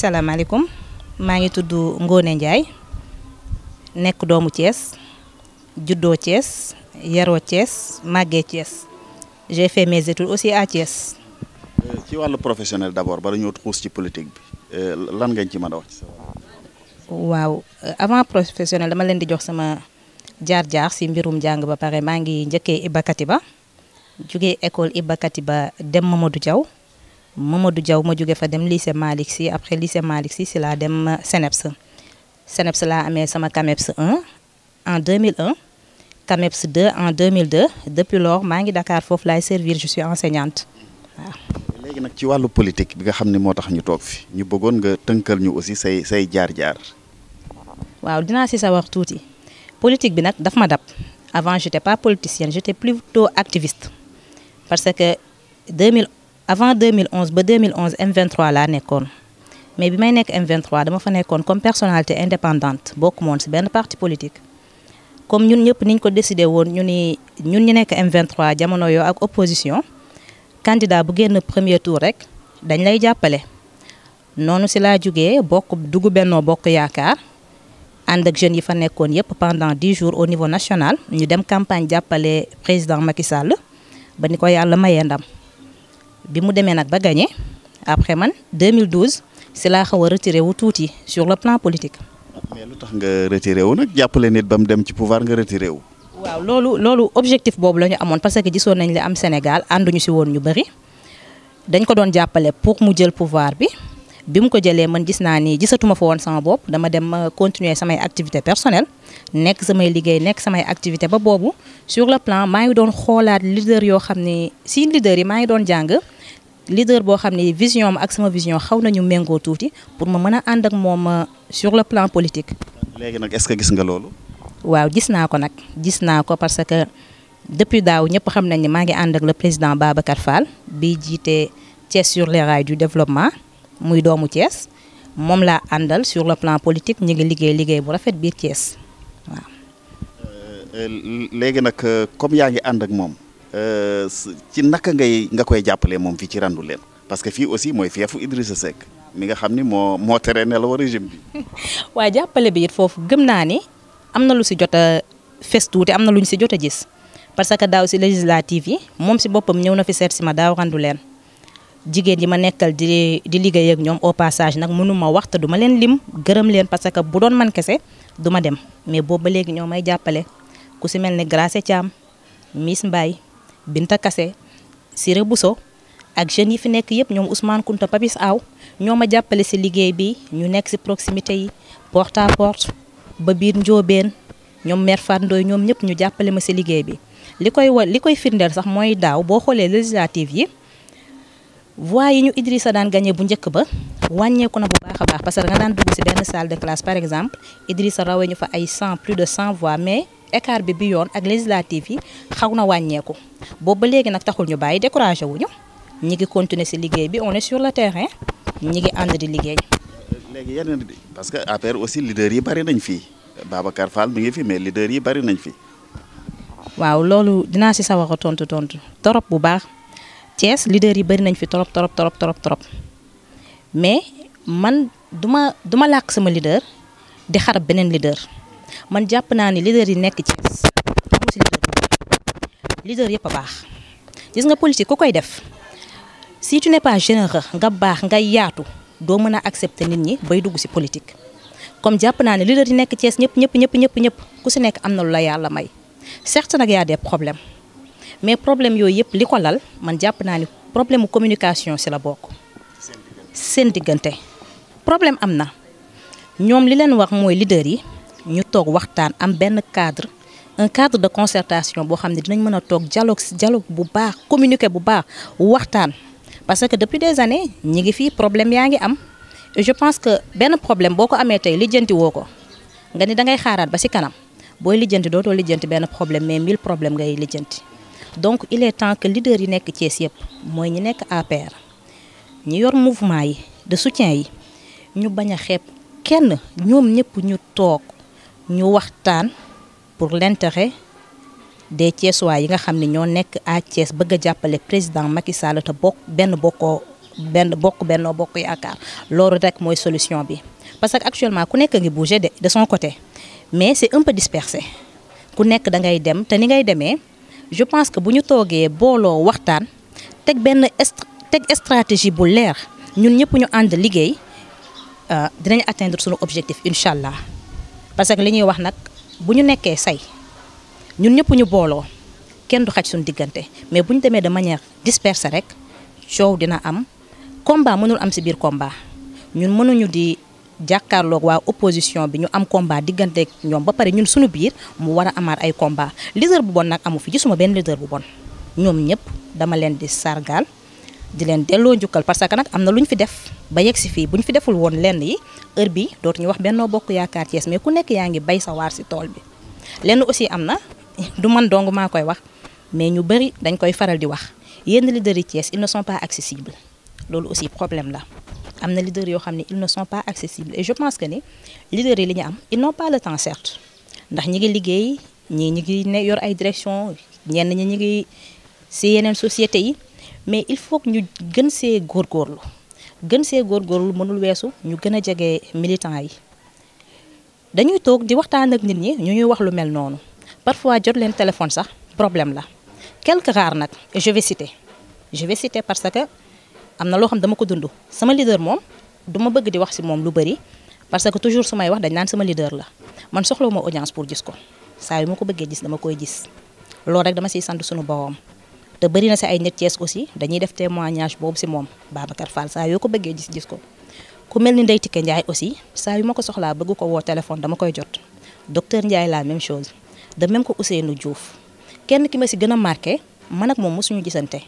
salaamaaleykum maa ngi tudd Ngone Ndiaye nekk doomu Thiès juddoo Thiès yaroo Thiès màggee Thiès j'ai fait mes études aussi à Thiès. Euh, ci wàllu professionnel d'abord bala ñëw xuus ci politique bi euh, lan ngañ ci mën a wax. Euh, avant professionnel dama leen di jox sama jaar-jaar si mbirum jàng ba pare maa ngi njëkkee Iba Katiba jugee école Iba Katiba dem Mamadou jaw Mamadou Diaw ma jóge fa dem lycée Malick Sy après lycée Malick Sy si laa dem CNEPS euh, CNEPS laa amee sama CAMEPS 1 en 2001 CAMEPS deux en 2002 depuis lors maa ngi dakaar foofu laay servir je suis enseignante waaw. léegi nag ci wàllu politique bi nga xam ne moo tax ñu toog ñu bëggoon nga tënkal ñu aussi say say jaar-jaar. waaw dinaa si sawar tuuti politique bi nag daf ma dab avant j'étais pas politicienne j'étais plutôt activiste parce que avant 2011 ba 2011 M23 laa nekkoon mais bi may nekk M23 dama fa nekkoon comme personnalité indépendante bokk moon si benn parti politique comme ñun ñëpp ñu ko décidé woon ñu ni ñun ñu nekk M23 jamono yoo ak opposition candidat bu génn premier tour rek dañ lay jàppale noonu si laa jugee bokk dugg benno bokk yaakaar ànd ak jeunes yi fa nekkoon yëpp pendant dix jours au niveau national ñu dem campagne jàppale président Macky Sall ba ni ko yàlla mayee bi mu demee nag ba gagné après man 2012 si laa xaw a wu tuuti sur le plan politique. mais lu tax nga retiré wu nag jàppale nit ba mu dem ci pouvoir nga retiré wu. waaw loolu loolu objectif boobu la ñu amoon parce que gisoon nañ li am Sénégal ànduñu si woon ñu bëri dañ ko doon jàppale pour mu jël pouvoir bi bi mu ko jëlee man gis naa ni gisatuma fa woon sama bopp dama dem ma euh, continuer samay activité personnelle nekk samay liggéey nekk samay activité ba boobu sur le plan maa ngi doon xoolaat leader yoo xam ne si leader yi maa ngi doon jàng. leader boo xam ne vision am ak sama vision xaw nañu méngoo tuuti pour ma mën a ànd ak moom euh, sur le plan politique. léegi nag est-ce que gis nga loolu. waaw gis naa ko nag gis naa ko parce que depuis daaw ñëpp xam nañ ni maa ngi ànd ak le président Babacar Fall bii jiitee cees sur les rails du développement muy doomu Thiès moom laa àndal sur le plan politique ñu ngi liggéey liggéey bu rafet biir Thiès waaw. Euh, euh, léegi nag comme yaa ngi ànd ak moom. Euh, ci naka ngay nga koy jàppalee moom fii ci randu leen parce que fii aussi mooy feefu Idrissa Seck mi nga xam ni moo moo tere ne la wa régime bi. waaye jàppale bi it foofu gëm naa ni am na lu si jot fes tuuti am na lu ñu si jot a gis parce que daaw si législative yi moom si boppam ñëw na fi seet si ma daaw randu leen jigéen yi ma nekkal di di liggéey ak ñoom au passage nag mënu ma wax te du leen lim gërëm leen parce que bu doon man kese du dem mais boobu ba léegi ñoo may jàppale ku si mel ne Gracé Thiam Miss Mbaye Binta Kassé Siré Bousso ak jeunes yi fi nekk yëpp ñoom Ousmane Kounta Papis Aw ñoo ma jàppale si liggéey bi ñu nekk si proximité yi porte à porte ba biir njoobeen ñoom maire Fandooy ñoom ñëpp ñu jàppale ma si liggéey bi li koy wa li koy firndeel sax mooy daaw boo xoolee législative yi voix yi ñu Idrissa daan gagné bu njëkk ba wàññeeku na bu baax a baax parce que nga daan dugg si benn salle de classe par exemple Idrissa rawee ñu fa ay 100 plus de 100 voix mais écart bi bi yoon ak législative yi xaw na wàññeeku boobu ba léegi nag taxul ñu bàyyi wu ñu ñi ngi continuer si liggéey bi on est sur le terrain ñi ngi ànd di liggéey. léegi yeneen parce que APR aussi leader yi bari nañ fii Babacar Fall mi ngi fi mais leader yi bari nañ fi. waaw loolu dinaa ci sawar a tontu tontu torop bu baax Thiès leader yi bari nañ fi torop torop torop torop torop mais man duma duma làkk sama lider di xarab beneen lider man jàpp naa ni leader yi nekk ci amul si yëpp a baax gis nga politique ku koy def si tu n'es pas généreux nga baax nga yaatu doo mën a accepter nit ñi bay dugg si politique. comme jàpp naa ne leader yi nekk Thiès ñëpp ñëpp ñëpp ñëpp ñëpp ku si nekk am na lu la yàlla may certes nag yaa des problème mais problème yooyu yëpp li ko lal man jàpp naa ni problème mu communication si la bokk. seen diggante problème am na ñoom li leen wax mooy leader yi. ñu toog waxtaan am benn cadre un cadre de concertation boo xam ne dinañ mën a toog dialogue dialogue bu baax communiquer bu baax waxtaan parce que depuis des années ñi ngi fii problème yaa ngi am je pense que benn problème boo ko amee tey lijjanti woo ko nga ni da ngay xaaraat ba si kanam booy lijjanti dootoo lijjanti benn problème mais mille problème ngay lijjanti donc il est temps que leader yi nekk Thiès yëpp mooy ñi nekk APR ñi yor mouvement yi de soutien yi ñu bañ a xeeb kenn ñoom ñëpp ñu toog ñu waxtaan pour l'intérêt des Thiessois yi nga xam ne ñoo nekk a Thiès bëgg a jàppale président Macky Sall te bokk benn bokkoo benn bokk bennoo bokk yaakaar loolu rek mooy solution bi parce que actuellement ku nekk ngi bouger de de son côté mais c'est un peu dispersé ku nekk da ngay dem te ni ngay demee je pense que bu ñu toogee booloo waxtaan teg benn teg stratégie bu leer ñun ñëpp ñu ànd liggéey euh, dinañ attendre sunu objectif incha allah. parce que li ñuy wax nag bu ñu nekkee say ñun ñëpp ñu booloo kenn du xaj suñu diggante mais bu ñu demee de manière disperse rek coow dina am combat mënul am si biir combat ñun mënuñu di jàkkaarloog waa opposition bi ñu am combat diggante ñoom ba pare ñun suñu biir mu war a amaar ay combat leader bu bon nag amu fi suma benn leader bu bon ñoom ñëpp dama leen di sargaal di leen delloo njukkal parce que nag am na lu ñu fi def ba yegg si fii bu ñu fi deful woon lenn yi heure bi dootuñu wax Benno Bokk Yaakaar Thiès mais ku nekk yaa ngi bay sa waar si tool bi lenn aussi am na du man dong maa koy wax mais ñu bëri dañ koy faral di wax yenn leaders yi Thiès ils ne sont pas accessibles loolu aussi problème la am na leaders yoo xam ne ils ne son pas accessibles et je pense que ni leaders yi li ñu am ils n'ont pas le temps certes ndax ñi ngi liggéey ñii ñi ngi ne yor ay direction ñenn ñi ñi ngi si yeneen sociétés yi mais il faut que ñu gën see góor góorgóorlu gën see góor góorgóorlu mënul weesu ñu gën a jege militants yi dañuy toog di waxtaan ak nit ñi ñu ñuy wax lu mel noonu parfois jot leen téléphone sax problème la quelque rare nag je vais citer que am na loo xam dama ko dund sama leader moom du ma bëgg di wax ci moom lu bari parce que toujours su may wax dañ naan sama leader la man ma audience pour gis ko saa yu ma ko bëggee gis dama koy gis loolu rek dama ciy sant sunu boroom te bari na si ay nit Thiès aussi dañuy def témoignage boobu si moom Babacar Fall saa yoo ko bëggee gis gis ko ku mel ni Ndeye Tické Ndiaye aussi saa yu ma ko soxlaa bëgg ko woo téléphone dama koy jot docteur Ndiaye la même chose de ko que nu Diouf kenn ki ma si gën a marqué man ak moom mosuñu gisante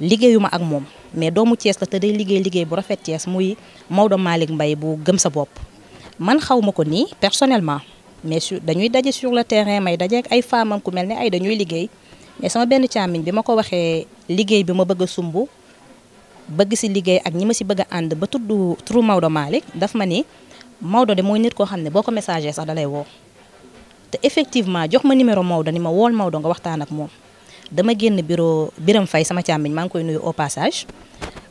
liggéeyuma ak moom mais doomu Thiès la te day liggéey liggéey bu rafet Thiès muy Maodo Malick mbay bu gëm sa bopp man xaw ma ko nii personnellement mais su dañuy daje sur le terrain may daje ay femmes am ku mel ne ay dañuy liggéey mais sama benn càmmiñ bi ma ko waxee liggéey bi ma bëgg sumb bëgg si liggéey ak ñi ma si bëgg ànd ba tudd turu Maodo Malick daf ma ni Maodo de mooy nit koo xam ne boo ko messager sax dalay woo te effectivement jox ma numéro Maodo ni ma wool Maodo nga waxtaan ak moom dama génn biro Biram Fay sama càmmiñ maa ngi koy nuyu au passage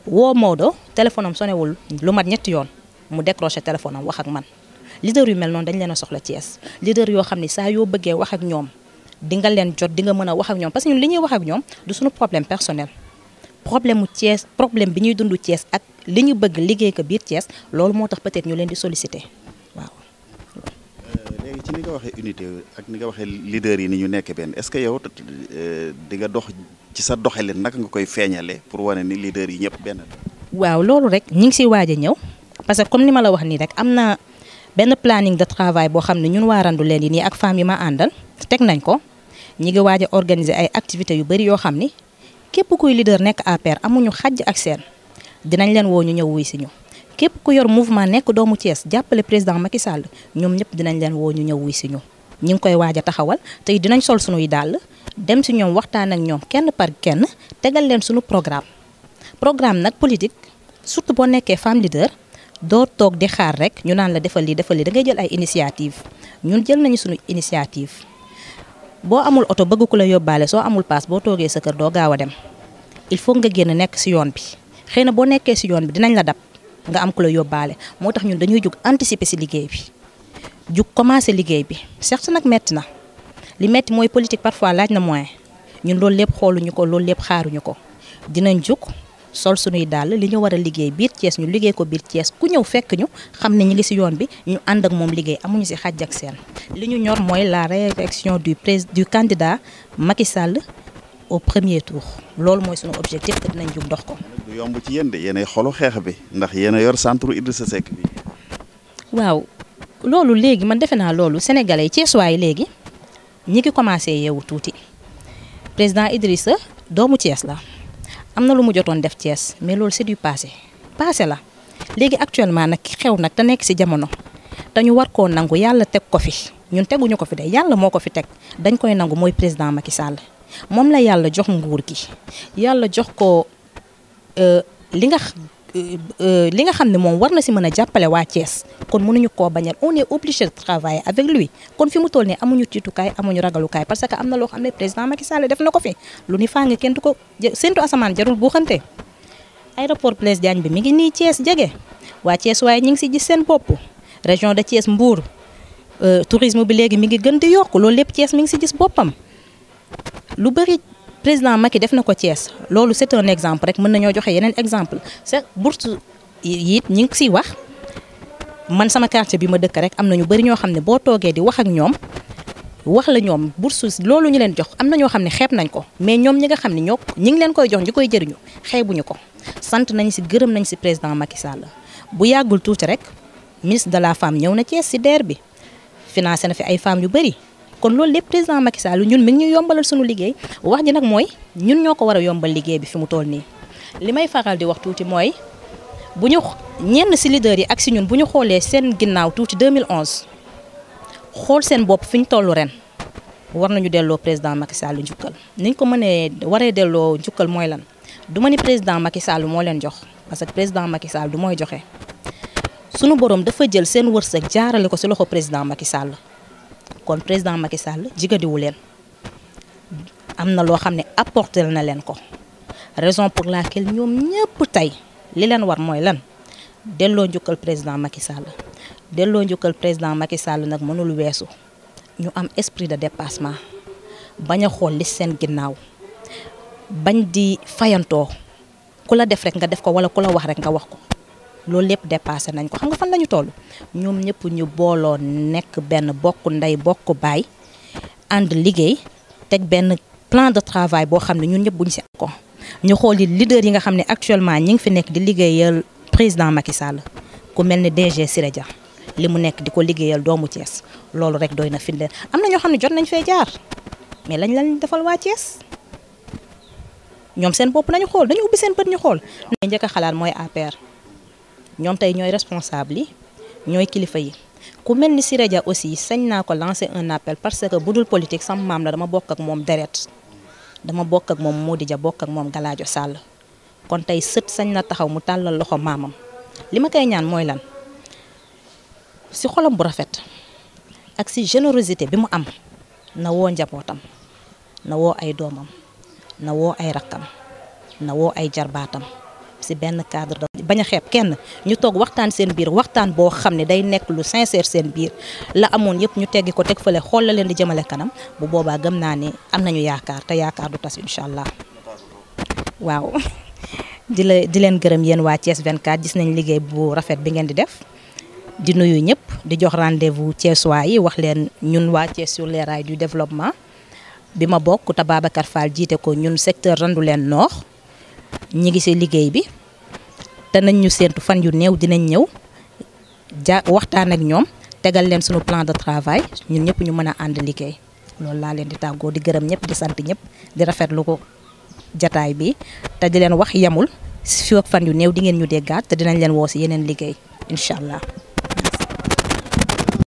woo Maodo téléphone am sonewul lu mat ñetti yoon mu décroché téléphone wax ak man leader yu mel noonu dañ leen a soxla Thiès leader yoo xam ne saa yoo bëggee wax ak ñoom di leen jot di nga mën a wax ak ñoom parce que li ñuy wax ak ñoom du suñu problème personnel problème mu Thiès problème bi ñuy dund cees ak li ñu bëgg liggéey ko biir cees loolu moo tax peut-être ñu leen di solliciter waaw. Euh, ci ni nga waxee unité ak ni nga waxee leader yi ni ñu nekk benn est-ce que yow euh, di nga dox ci sa doxalin naka nga koy feeñale pour wane ni leader yi ñëpp benn waaw loolu rek ñu ngi siy waaj a ñëw parce que comme ni ma la wax nii rek am na benn planning de travail boo xam ne ñun waa leen yi nii ak femmes yi ma àndal teg nañ ko. ñi ngi waaja a ay activités yu bëri yoo xam ni képp kuy leader nekk APR amuñu xàjj ak seen dinañ leen woo ñu ñëw wuy si ñu. képp ku yor mouvement nekk doomu Thiès jàppale président Macky Sall ñoom ñëpp dinañ leen woo ñu ñëw wuy si ñu. ñi ngi koy waaj a taxawal tey dinañ sol sunuy dàll dem si ñoom waxtaan ak ñoom kenn par kenn tegal leen sunu programme programme nag politique surtout boo nekkee femme leader. doo toog di xaar rek ñu naan la defal lii defal lii da jël ay initiative ñun jël nañu suñu initiative boo amul oto bëgg ku la yóbbaale soo amul paas boo toogee sa kër doo gaawa dem il faut nga génn nekk si yoon bi xëy na boo nekkee si yoon bi dinañ la dab nga am ku la yóbbaale moo tax ñun dañuy jug anticiper si liggéey bi jug commencer liggéey bi certes nag metti na li metti mooy politique parfois laaj na moyen ñun loolu lépp xooluñu ko loolu lépp xaaruñu ko dinañ jug. sol suñuy dàll li ñu war a liggéey biir cees ñu liggéey ko biir cees ku ñëw fekk ñu xam ne ñu ngi ci yoon bi ñu ànd ak moom liggéey amuñu si xàjj ak seen li ñu ñor mooy la réélection du prés du candidat Macky Sall au premier tour loolu mooy suñu objectif te dinañ jug dox ko. yomb ci yéen de yéenay xeex bi ndax yéen a yor centre Idrissa Seck bi. waaw loolu léegi man defe naa loolu sénégalais Thiès waay léegi ñi ngi commencé yeewu tuuti président Idrissa doomu Thiès la. am na lu mu jotoon def Thiès mais loolu c'est du passé passé la léegi actuellement nag xew nag te nekk ci jamono dañu war koo nangu yàlla teg ko fi ñun teguñu ko fi de yàlla moo ko fi teg dañ koy nangu mooy président Macky Sall moom la yàlla jox nguur gi yàlla jox ko euh, li nga Euh, euh, li nga xam ne moom war na si mën a jàppale waa Thiès kon mënuñu koo bañal on est obligé de travailler avec lui kon fi mu toll nii amuñu tiitukaay amuñu ragalukaay parce que am na loo xam ne président Macky Sall def na ko fi lu ni faa nga kenn du ko séntu asamaan jarul buuxante aéroport Blaise Diagne bi mi ngi nii cees jege waa Thiès waaye ñu ngi si gis seen bopp région de Thiès Mbour euh, tourisme bi léegi mi ngi gën di yokk loolu lépp Thiès mi ngi si gis boppam président Macky def na ko cees loolu c'est un exemple rek mën nañoo joxe yeneen exemple c'est bourse yi it ñu ngi siy wax man sama quartier bi ma dëkk rek am na ñu bari ñoo xam ne boo toogee di wax ak ñoom wax la ñoom bourse loolu ñu leen jox am na ñoo xam ne xeeb nañ ko mais ñoom ñi nga xam ne ñoo ñi ngi leen koy jox ñu koy jëriñu xeebuñu ko sant nañ si gërëm nañ si président Macky la bu yàggul tuuti rek ministre de la femme ñëw na Thiès ci DER bi financé na fi ay femmes yu bari kon loolu lépp président Macky Sall ñun mi ngi ñu yombalal suñu liggéey wax ji nag mooy ñun ñoo ko war a yombal liggéey bi fi mu toll nii li may faral di wax tuuti mooy bu ñu ñenn si leader yi ak si ñun bu ñu xoolee seen ginnaaw tuuti 2011 xool seen bopp fi ñu toll ren war nañu delloo président Macky Sall njukkal niñ ko mënee waree delloo njukkal mooy lan du ma ni président Macky Sall moo leen jox parce que président Macky Sall du mooy joxe sunu borom dafa jël seen wërsëg jaarale ko ci loxo président Macky Sall. kon président Macky Sall jigadiwu leen am na loo xam ne apporter na leen ko raison pour la laquelle ñoom ñëpp tey li leen war mooy lan delloo njukkal président Macky Sall delloo njukkal président Macky Sall nag mënul weesu ñu am esprit de dépassement bañ a xool li seen ginnaaw bañ di fayantoo ku la def rek nga def ko wala ku la wax rek nga wax ko loolu lépp dépassé nañ ko xam nga fan lañu toll ñoom ñëpp ñu booloo nekk benn bokk ndey bokk baay ànd liggéey teg benn plan de travail boo xam ne ñun ñëpp bu ñu si ko ñu xool yi leader yi nga xam ne actuellement ñi ngi fi nekk di liggéeyal président Macky Sall ku mel ni DG Siré Dia li mu nekk di ko liggéeyal doomu Thiès loolu rek doy na firndeel am na ñoo xam ne jot nañ fee jaar mais lañ lañ defal waa Thiès ñoom seen bopp nañu xool dañu ubbi seen bët ñu xool. njëkk a xalaat mooy APR. ñoom tey ñooy responsable yi ñooy kilifa yi ku mel ni si Dia aussi sañ naa ko lancer un appel parce que bu dul politique sam maam la dama bokk ak moom deret dama bokk ak moom Mody ja bokk ak moom galaajo Sall kon tey sët sañ na taxaw mu tàllal loxo maamam li ma koy ñaan mooy lan si xolam bu rafet ak si générosité bi mu am na woo njabootam na woo ay doomam na woo ay rakkam na woo ay jarbaatam si benn cadre de bañ a kenn ñu toog waxtaan seen biir waxtaan boo xam ne day nekk lu sincère seen biir la amoon yëpp ñu teggi ko teg fële xool la leen di jëmale kanam bu boobaa gëm naa ni am nañu yaakaar te yaakaar du tas incha allah waaw di la di leen gërëm yéen waa Thiès 24 gis nañ liggéey bu rafet bi ngeen di def di nuyu ñëpp di jox rendez-vous Thiessois yi wax leen ñun waa Thiès sur les rails du développement bi ma bokk te Babacar Fall jiite ko ñun secteur Randoulène Nord ñi ngi ci liggéey bi te nañ ñu séentu fan yu néew dinañ ñëw ja waxtaan ak ñoom tegal leen suñu plan de travail ñun ñëpp ñu mën a ànd liggéey loolu laa leen di tàggoo di gërëm ñëpp di sant ñëpp di rafetlu ko jataay bi te di leen wax yemul fii ak fan yu néew di ngeen ñu déggaat te dinañ leen woo si yeneen liggéey incha allah.